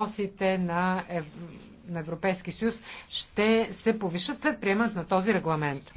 въпросите на, Ев... на Европейски съюз ще се повишат след приемането на този регламент.